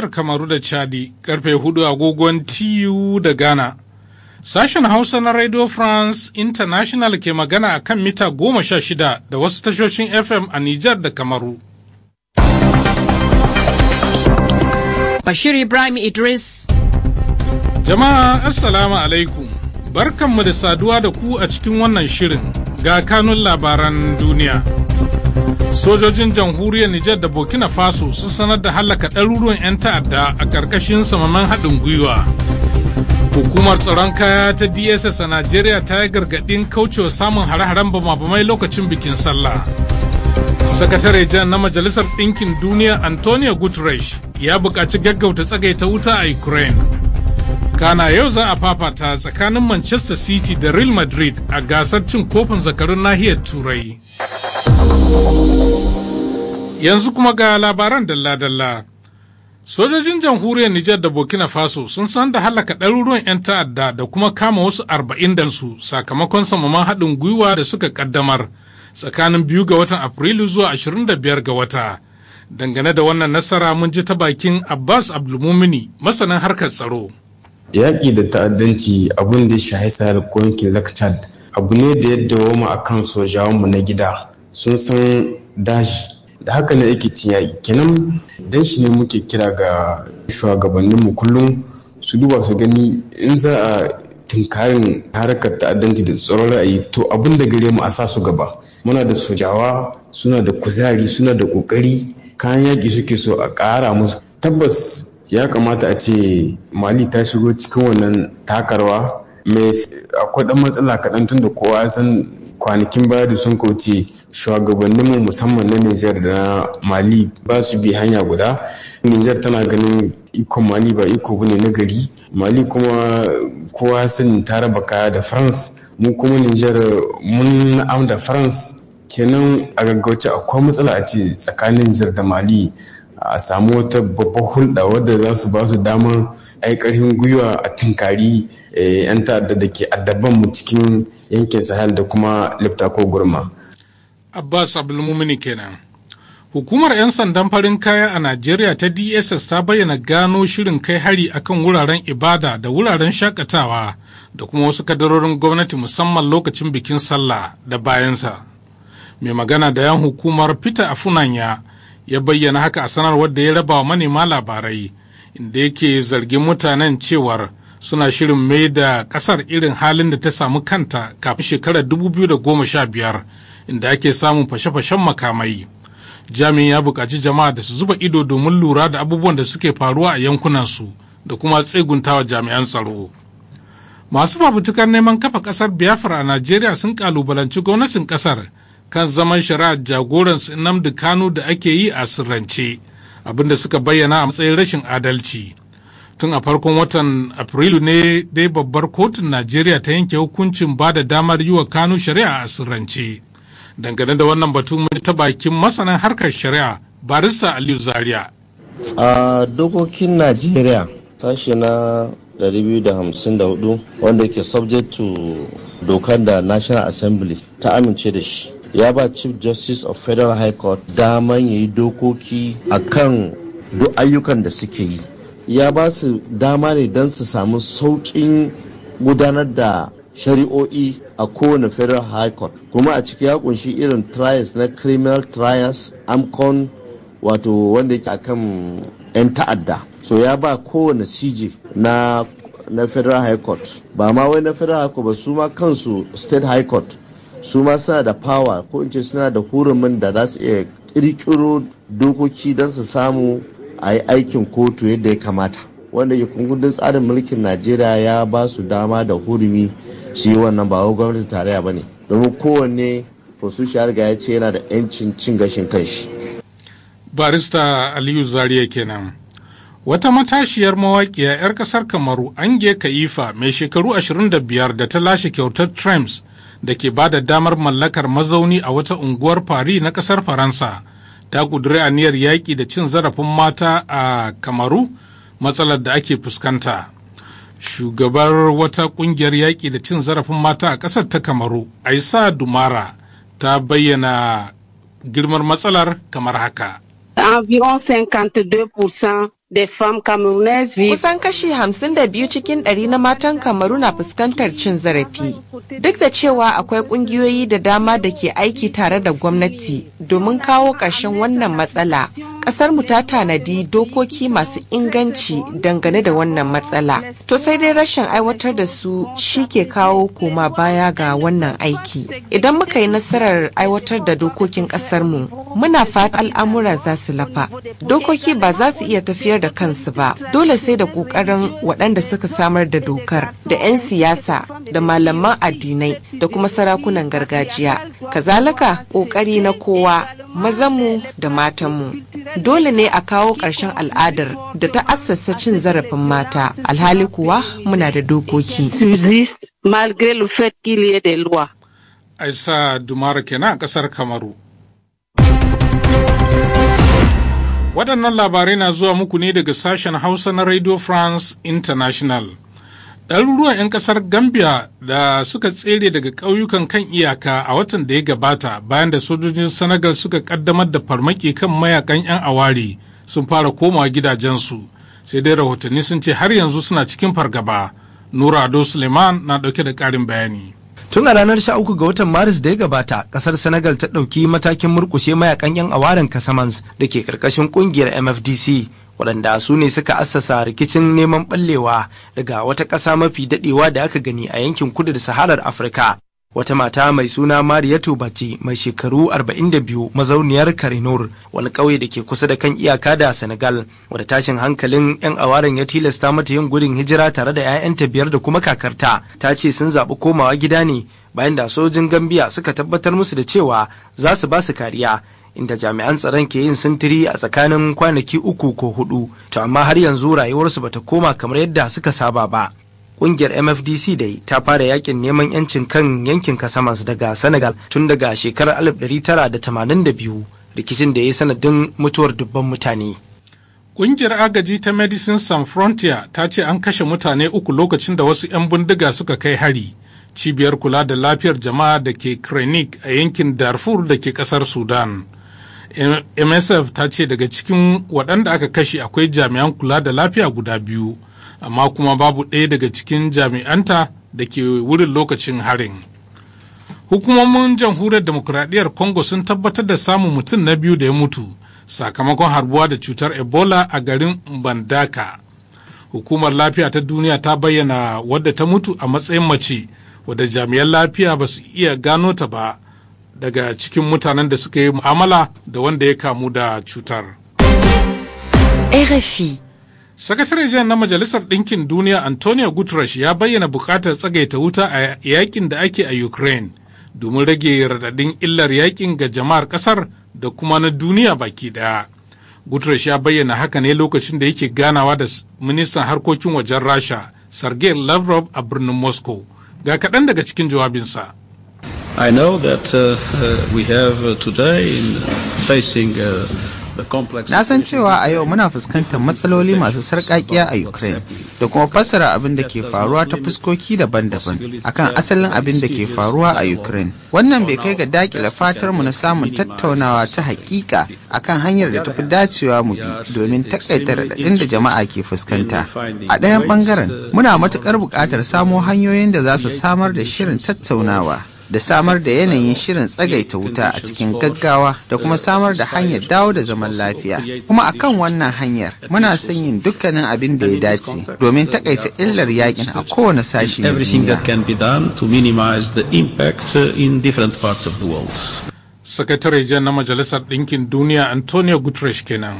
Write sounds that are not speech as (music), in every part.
nijar Kamaru da Chadi karfe hudu agogon TU da Ghana. Sashen Hausa na Radio France International ke magana a kan mita goma sha shida da wasu tashoshin FM a Nijar da Kamaru. Bashir Ibrahim Idris. Jama'a Assalamu alaikum. Barkanmu da saduwa da ku a cikin wannan shirin ga kanun labaran duniya. sojojin jamhuriyar nijar da burkina faso sun sanar da hallaka ɗaruruwan 'yan ta'adda a ƙarƙashin samaman haɗin gwiwa hukumar tsaron kaya ta dss a najeriya ta yi gargaɗin kaucewa samun hare-haren bama-bamai lokacin bikin sallah sakatare jan na majalisar ɗinkin duniya antonio guterres ya buƙaci gaggauta tsagaita wuta a ukraine kana yau za a fafata tsakanin manchester city da real madrid a gasar cin kofin zakarun nahiyar turai Yanzu kuma ga labaran dalla-dalla. Sojojin jamhuriyar Nijar da Burkina Faso sun san da halaka ɗaruruwan 'yan ta'adda da kuma kama wasu arba'in dansu sakamakon samaman haɗin gwiwa da suka ƙaddamar tsakanin biyu ga watan Afrilu zuwa 25 ga wata. Dangane da wannan nasara mun ji ta bakin Abbas Abdulmumini masanin harkar tsaro. Yaƙi da ta'addanci abun da ya shahi ko yankin lakcad abu ne da ya mu a kan sojawanmu na gida sun san dashi da haka ne ake cin yaƙi kenan dan shi ne muke kira ga shugabanninmu kullum su duba su gani in za a tinkarin harkar ta'addanci da tsoron ra'ayi to abin da gare mu a sa su gaba muna da sojawa suna da kuzari suna da kokari kayan yaƙi suke so a ƙara musu tabbas ya kamata a ce mali ta shigo cikin wannan takarwa mai akwai ɗan matsala kaɗan tun da kowa san kwanakin baya da sun kauce shugabanninmu musamman na Nijar da Mali ba su bi hanya guda. Nijar tana ganin iko Mali ba iko bane na gari. Mali kuma kowa sun ta raba kaya da France. Mu kuma Nijar mun am da France. Kenan a gaggauce akwai matsala a ce tsakanin Nijar da Mali a samu wata babbar hulɗa wadda za su ba su damar ai ƙarfin gwiwa a tinkari eh, 'yan ta'adda da ke addaban mu cikin yankin sahel da kuma lipta ko gurma. Abbas Abdulmumini kenan. Hukumar 'yan sandan farin kaya a Najeriya ta DSS ta bayyana gano shirin kai hari akan wuraren ibada da wuraren shakatawa da kuma wasu kadarorin gwamnati musamman lokacin bikin sallah da bayansa. Mai magana da yan hukumar Peter Afunanya ya bayyana haka a sanarwar da ya raba wa manema labarai inda yake zargin mutanen cewar suna shirin mai da kasar irin halin da ta samu kanta kafin shekarar 2015 inda ake samun fashe-fashen makamai jami'in ya buƙaci jama'a da su zuba ido domin lura da abubuwan da suke faruwa a yankunansu da kuma wa jami'an tsaro masu fafutukar neman kafa ƙasar biafra a najeriya sun ƙalubalanci gwamnatin ƙasar kan zaman shari'ar jagoran Nnamdi Kanu da ake yi a sirrance abinda suka bayyana a matsayin rashin adalci. Tun a farkon watan Afrilu ne dai babbar kotun Najeriya ta yanke hukuncin ba da damar yi wa Kanu shari'a a sirrance. dangane da wannan batun mun ta bakin masanin harkar shari'a barista aliyu zaria a dokokin najeriya sashe na 254 wanda ke subject to dokar da national assembly ta amince da shi ya ba chief justice of federal high court daman ya yi dokoki a kan duk ayyukan da suke yi ya ba su dama ne don su samu sauƙin gudanar da shari'o'i a kowane federal high court kuma a ciki ya kunshi irin trials na criminal trials amcon wato wanda yake akan 'yan ta'adda so ya ba kowane cj na na federal high court ba ma wai na federal high court ba su ma kansu state high court su ma suna da power ko in ce suna da hurumin da za su iya kirkiro dokoki don su samu a yi aikin kotu yadda ya kamata wanda ke kundin tsarin mulkin najeriya ya ba su dama da hurumi shi wannan ba gwamnatin tarayya ba ne domin kowanne wasu shariga ya ce yana da 'yancin cin gashin kanshi barista aliyu zariya kenan wata matashiyar mawaƙiya 'yar ƙasar kamaru ange kaifa mai shekaru 25 da ta lashe kyautar trams da ke ba da damar mallakar mazauni a wata unguwar paris na ƙasar faransa ta a aniyar yaƙi da cin zarafin mata a kamaru matsalar da ake fuskanta shugabar wata kungiyar yaƙi da cin zarafin mata a ƙasar ta kamaru aisa dumara ta bayyana girmar matsalar kamar haka Kusan kashi hamsin da biyu cikin ɗari na matan Kamaru na fuskantar cin zarafi. Duk da cewa akwai ƙungiyoyi da dama da ke aiki tare da gwamnati domin kawo ƙarshen wannan matsala. Ƙasarmu ta tanadi dokoki masu inganci dangane da wannan matsala. To sai dai rashin aiwatar da su shi ke kawo koma baya ga wannan aiki. Idan muka yi nasarar aiwatar da dokokin ƙasarmu, muna fata al'amura za su lafa dokoki ba za su iya tafiyar da kansu ba dole sai da ƙoƙarin waɗanda suka samar da dokar da 'yan siyasa da malaman addinai da kuma sarakunan gargajiya kazalika ƙoƙari na kowa mazanmu da matanmu dole ne a kawo ƙarshen al'adar da ta assasa cin zarafin mata alhali kuwa muna da dokoki aisa dumara kenan a ƙasar kamaru Waɗannan labarai na zuwa muku ne daga sashen Hausa na Radio France International. Ɗaruruwan 'yan ƙasar Gambia da suka tsere daga ƙauyukan kan iyaka a watan da ya gabata bayan da sojojin Senegal suka ƙaddamar da farmaki kan mayakan 'yan awari sun fara komawa gidajensu. Sai dai rahotanni sun ce har yanzu suna cikin fargaba. Nura Ado Suleiman na ɗauke da ƙarin bayani. tun a ranar sha uku ga watan maris da ya gabata kasar senegal ta ɗauki matakin murkushe mayakan yan awaren Casamance da ke karkashin kungiyar mfdc waɗanda su ne suka assasa rikicin neman ɓallewa daga wata ƙasa mafi daɗewa da aka gani a yankin kudu da saharar afirka wata mata mai suna mariyatu bati mai shekaru 42 mazauniyar karinur wani ƙauye da ke kusa da kan iyaka da senegal wadda tashin hankalin 'yan awaren ya tilasta mata yin gudun hijira tare da 'ya'yanta biyar da kuma kakarta ta ce sun zaɓi komawa gida ne bayan da sojin gambiya suka tabbatar musu da cewa za su ba su kariya inda jami'an tsaron ke yin sintiri a tsakanin kwanaki uku ko hudu to amma har yanzu rayuwarsu bata koma kamar yadda suka saba ba kungiyar mfdc dai ta fara yakin neman yancin kan yankin kasamas daga senegal tun daga shekarar 1982 rikicin da ya yi sanadin mutuwar dubban mutane Ƙungiyar agaji ta Medicine Sans Frontier ta ce an kashe mutane uku lokacin da wasu 'yan bindiga suka kai hari. Cibiyar kula da lafiyar jama'a da ke Krenik a yankin Darfur da ke kasar Sudan. MSF ta ce daga cikin waɗanda aka kashe akwai jami'an kula da lafiya guda biyu. amma kuma babu ɗaya daga cikin jami'anta da ke wurin lokacin harin hukumomin jamhuriyar demokuraɗiyar congo sun tabbatar da samun mutum na biyu da ya mutu sakamakon harbuwa da cutar ebola a garin bandaka hukumar lafiya ta duniya ta bayyana wadda ta mutu a matsayin mace wadda jami'an lafiya ba su iya gano ta ba daga cikin mutanen da suka yi mu'amala da wanda ya kamu da cutar. RFI sakatare jiya na majalisar ɗinkin duniya antonio guterres ya bayyana buƙatar tsagaita wuta a yakin da ake a ukraine domin rage raɗaɗin illar yakin ga jama'ar ƙasar da kuma na duniya baki ɗaya guterres ya bayyana haka ne lokacin da yake ganawa da ministan harkokin wajen rasha sergei lavrov a birnin moscow ga kaɗan daga cikin jawabinsa I know that uh, uh we have uh, today in facing uh, Na san cewa a yau muna fuskantar matsaloli masu sarƙaƙiya a Ukraine da kuma fassara abin da ke faruwa ta fuskoki daban-daban akan asalin abin da ke faruwa a Ukraine. Wannan bai kai ga daƙile fatar mu na samun tattaunawa ta hakika akan hanyar da tafi dacewa mu bi domin takaita raɗaɗin da jama'a ke fuskanta. A ɗayan ɓangaren uh, muna matuƙar buƙatar samo hanyoyin da za su samar da shirin tattaunawa. da samar da yanayin shirin tsagaita wuta a cikin gaggawa da kuma samar da hanyar dawo da zaman lafiya kuma akan wannan hanyar muna son yin dukkanin abin da ya dace domin takaita illar yakin a kowane sashi na duniya sakatare jan na majalisar ɗinkin duniya antonio guterres kenan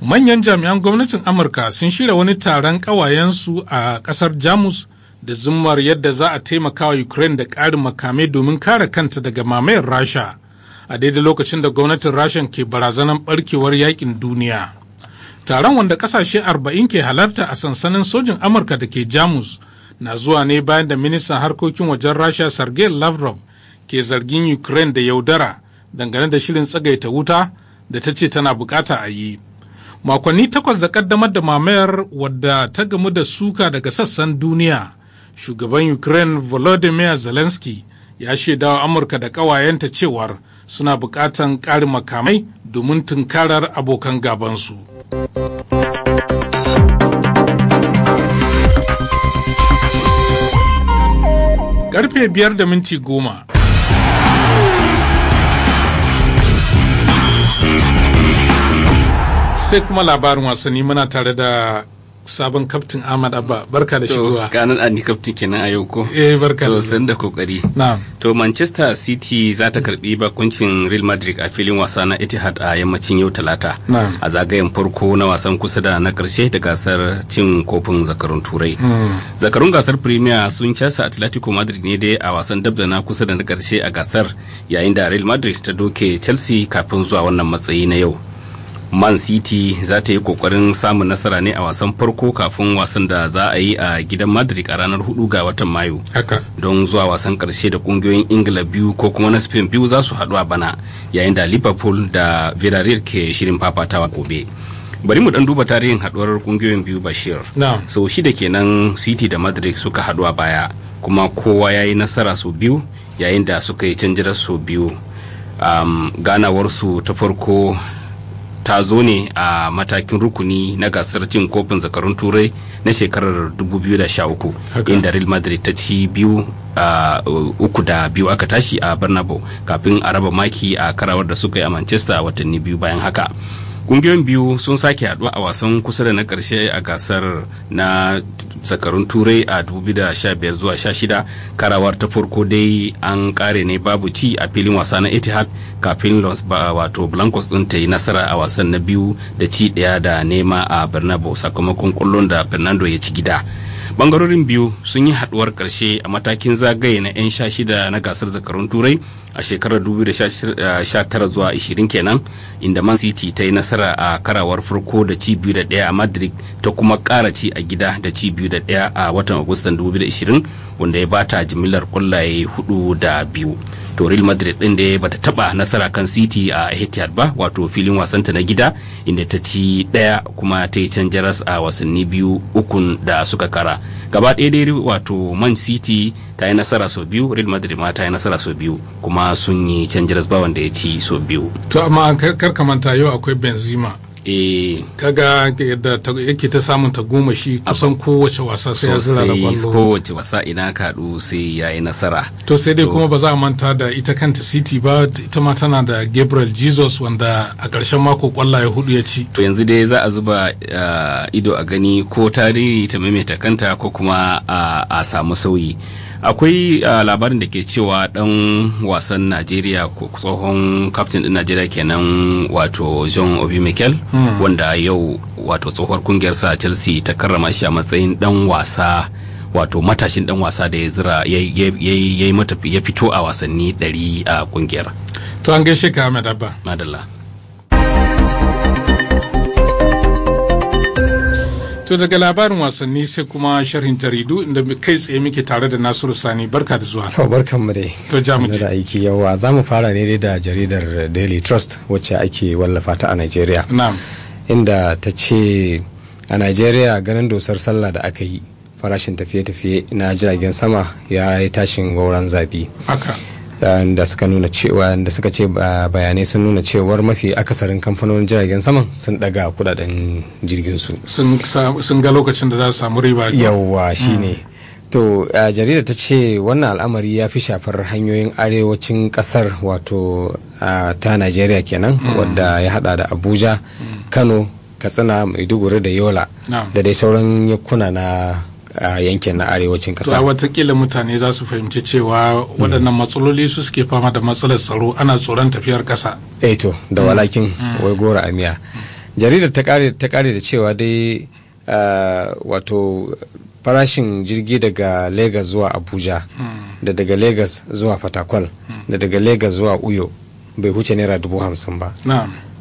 manyan jami'an gwamnatin amurka sun shirya wani taron ƙawayensu a ƙasar jamus da zummar yadda za a taimaka wa Ukraine da ƙarin makamai domin kare kanta daga mamayar Rasha a daidai lokacin da gwamnatin Rasha ke barazanar barkewar yakin duniya. Taron wanda ƙasashe 40 ke halarta a sansanin sojin Amurka da ke Jamus na zuwa ne bayan da ministan harkokin wajen Rasha Sergei Lavrov ke zargin Ukraine da yaudara dangane da shirin tsagaita wuta da ta ce tana bukata a yi. Makonni takwas da kaddamar da mamayar wadda ta gamu da suka daga sassan duniya. shugaban ukraine volodymyr zelensky ya wa amurka da ƙawayenta cewar suna buƙatan ƙarin makamai domin tunkarar abokan gabansu karfe biyar da minti goma sai kuma labarin wasanni muna tare da sabon kaftin Ahmad Abba barka da shigowa. To kanan an kaftin kenan a yau ko? Eh barka da. To san da kokari. Na'am. To Manchester City za ta karbi bakuncin Real Madrid a filin wasa na Etihad a yammacin yau Talata. Na'am. A zagayen farko na wasan kusa da na karshe da gasar cin kofin zakarun Turai. Hmm. Zakarun gasar Premier sun casa Atletico Madrid ne dai a wasan dab da na kusa da na karshe a gasar yayin da Real Madrid ta doke Chelsea kafin zuwa wannan matsayi na yau. man city za ta yi kokarin samun nasara ne a wasan farko kafin wasan da za a yi a gidan madrid a ranar hudu ga watan mayu don zuwa wasan karshe da kungiyoyin ingila biyu ko kuma na spain biyu za su haɗu a bana yayin da liverpool da villarreal ke shirin fafatawa gobe bari mu dan duba tarihin haduwar kungiyoyin biyu bashir sau shida kenan city da madrid suka haɗu a baya kuma kowa ya yi nasara sau biyu yayin da suka yi canjirar sau biyu ganawar ganawarsu ta farko ta zo ne a matakin rukuni na gasar cin kofin zakarun turai na shekarar 2013 inda real madrid ta ci biyu a uku da biyu aka tashi a bernabeu kafin a raba maki a karawar da suka yi a manchester watanni biyu bayan haka kungiyoyin biyu sun sake haɗu a wasan kusa da na ƙarshe a gasar na zakarun turai a 2015 zuwa 16 karawar ta farko dai an ƙare ne babu ci a filin wasa na etihad kafin los wato blancos ɗin ta yi nasara a wasan na biyu da ci ɗaya da nema a bernabeu sakamakon ƙullon da fernando ya ci gida bangarorin biyu sun yi haduwar karshe a matakin zagaye na 'yan sha shida na gasar zakarun turai a shekarar 2019 eh, zuwa 20 kenan inda man city ta yi nasara a karawar farko da ci biyu da daya a madrid ta kuma kara ci a gida da ci biyu da daya a watan agustan 2020 wanda ya bata jimillar kwallaye hudu da biyu to real madrid din da bata taba nasara kan city a etihad ba wato filin wasanta na gida inda ta ci daya kuma ta yi can a wasanni biyu ukun da suka kara gaba ɗaya dai wato man city ta yi nasara sau biyu real madrid ma ta yi nasara sau biyu kuma sun yi canjaras jaras ba wanda ya ci sau biyu to amma kar ka manta yau akwai benzema eh kaga da yake ta samun ta goma shi kusan kowace wasa sai ya zira da kwallo kowace wasa ina ka sai ya yi nasara to sai dai kuma ba za a manta da ita kanta city ba ita ma tana da gabriel jesus wanda a ƙarshen mako kwallaye hudu ya ci to yanzu dai za a zuba ah, ido a gani ko tarihi ta maimaita kanta ko kuma a samu sauyi akwai ah, labarin da ke cewa dan wasan najeriya tsohon kaftin din najeriya kenan wato john obi michel hmm. wanda yau wato tsohuwar sa chelsea ta karrama shi a matsayin dan wasa wato matashin dan wasa da ya zira ya fito a wasanni 100 a kungiyar to an gaishe ka To daga labarin wasanni sai kuma sharhin jaridu inda kai tsaye muke tare da Nasiru Sani barka da zuwa. To barkan mu dai. To ja mu da aiki yawa za mu fara ne da jaridar Daily Trust wacce ake wallafa ta a Najeriya. Inda ta ce a Najeriya ganin dosar sallah da aka yi farashin tafiye-tafiye na jiragen sama ya yi tashin gauran zabi. Eh, da suka nuna cewa da suka ce bayanai sun nuna cewar mafi akasarin kamfanonin jiragen saman sun daga kudaden jirgin su sun ga lokacin da za su samu riba yawa shine to hmm. eh, jarida ta ce wannan al'amari ya fi shafar hanyoyin arewacin kasar wato eh, ta najeriya kenan hmm. wadda ya hada da abuja hmm. kano katsina maiduguri da yola da dai sauran yankuna na a yankin na arewacin kasa. To watakila mutane za su fahimci cewa waɗannan matsaloli su suke fama da matsalar tsaro ana tsoron tafiyar ƙasa. eto eh da mm. walakin mm. wai gora miya. Jaridar ta kare da cewa dai wato farashin jirgi daga legas zuwa Abuja mm. da daga Lagos zuwa Fatakwal da daga legas zuwa Uyo bai huce naira dubu hamsin ba.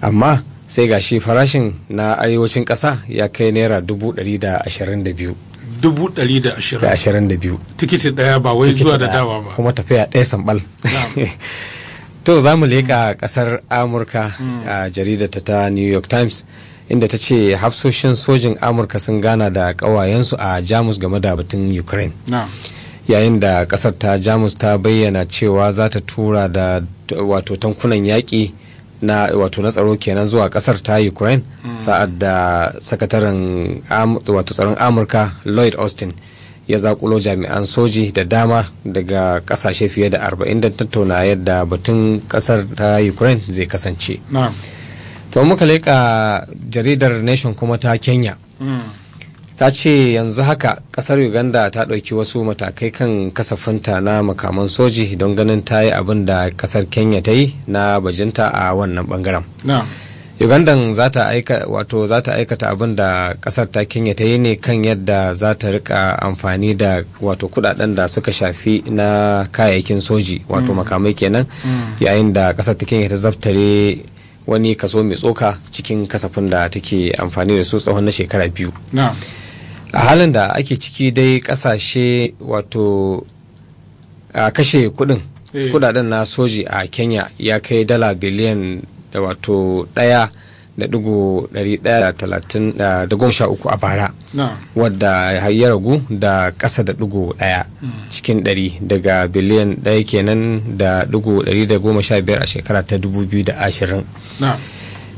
Amma sai gashi farashin na arewacin ƙasa ya kai naira dubu ɗari da ashirin da biyu. dubu ɗari da ashirin da biyu tikiti ɗaya ba wai zuwa da dawa ba kuma tafiya ɗaya sambal (laughs) to za mu leƙa ƙasar amurka hmm. a jaridarta ta new york times inda ta ce hafsoshin sojin amurka sun gana da ƙawayensu a jamus game da batun ukraine yayin da ƙasar ta jamus ta bayyana cewa za ta tura da wato tankunan yaƙi na wato na tsaro kenan zuwa kasar ta ukraine mm. sa'ad da sakataren wato tsaron amurka lloyd austin ya zaƙulo jami'an soji da dama daga kasashe fiye da 40 da tattauna yadda batun kasar ta ukraine zai kasance to muka leƙa jaridar nation kuma ta kenya mm. ta ce yanzu haka kasar uganda ta ɗauki wasu matakai kan kasafinta na makaman soji don ganin ta yi abin da kasar kenya ta yi na bajinta a wannan bangaren Uganda za ta aikata abin da kasar ta kenya ta yi ne kan yadda za ta rika amfani da wato kudaden da suka shafi na kayayyakin soji wato mm. makamai kenan mm. yayin da kasar ta kenya ta zaftare wani kaso mai tsoka cikin kasafin da take amfani da su tsawon na shekara biyu a halin da ake ciki dai kasashe wato a kashe kudin eh. kudaden na soji a kenya ya kai dala biliyan da wato daya da digo uku a bara wadda ya ragu da kasa da dugu daya hmm. cikin dari daga biliyan daya kenan da dugu dari da goma sha biyar a shekara ta dubu biyu da ashirin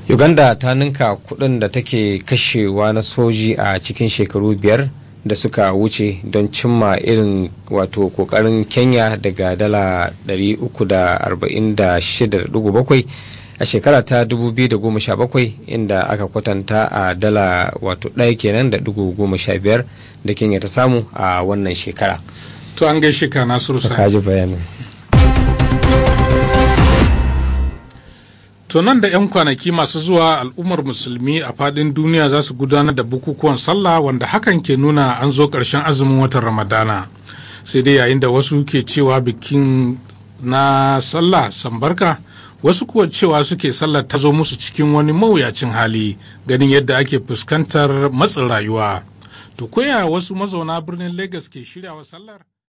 uganda ta ninka kudin da take kashewa na soji a cikin shekaru biyar da suka wuce don cimma irin wato kokarin kenya daga dala 346.7 a shekara ta 2017 inda aka kwatanta a dala wato kenan da da kenya ta samu a wannan shekara to an gaishe ka nasiru sa bayani To nan da 'yan kwanaki masu zuwa al'ummar musulmi a fadin duniya za su gudanar da bukukuwan sallah wanda hakan ke nuna an zo ƙarshen azumin watan ramadana sai dai yayin da wasu ke cewa bikin na sallah sambarka wasu kuwa cewa suke Sallah ta zo musu cikin wani mawuyacin hali ganin yadda ake fuskantar matsin rayuwa to koya wasu mazauna birnin Legas ke shiryawa sallar